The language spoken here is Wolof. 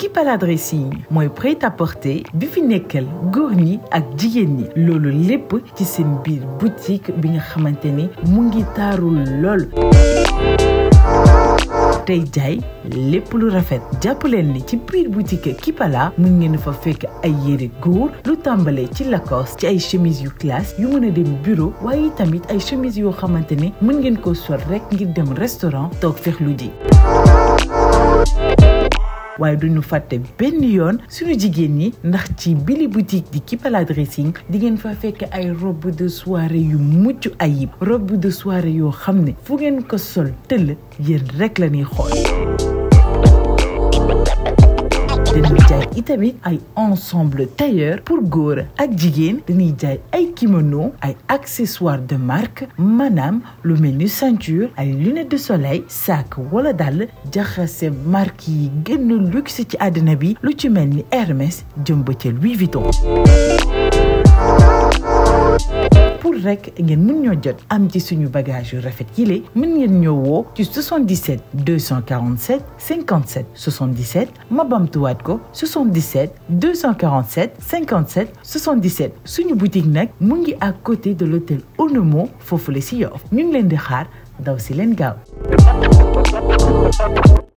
Kipala dressing mooy prêt-à-porter bi fi nekkal góor ñi ak jigéen ñi loolu lépp ci seen biir boutique bi nga xamante ni mu ngi taarul lool tey jaay lépp lu rafet jàpp leen ni ci biir boutique Kipala mun ngeen fa fekk ay yére góor lu tàmbalee ci Lacoste ci ay chemise yu classe yu mën a dem bureau waaye tamit ay chemise yoo xamante ne mën ngeen ko sol rek ngir dem restaurant toog fex lu ji waaye duñu fàtte benn yoon suñu jigéen ñi ndax ci bili boutique di Kipala Dressing di ngeen fa fekk ay robe de soirée yu mucc ayib robe de soirée yoo xam ne fu ngeen ko sol tëll yéen rek la ñuy xool dañuy jaay itamit ay ensemble tailleur pour góor ak jigéen dañuy jaay ay kimono ay accessoires de mark maanaam lu mel ni ceinture ay lunettes de soleil sac wala dàll jaxase marque yi gën a luxe ci àddina bi lu ci mel ni Hermès jëm ba ca Louis Vuitton rek ngeen mun ñoo jot am ci suñu bagage yu rafet yi lé mën ngeen ñoo woo ci 77 247 57 77 ma bamtuwaat ko 77 247 57 77 suñu boutique nag mu ngi à côté de l'hôtel Onomo foofu la si Yoff ñu ngi leen di xaar daw si leen gaaw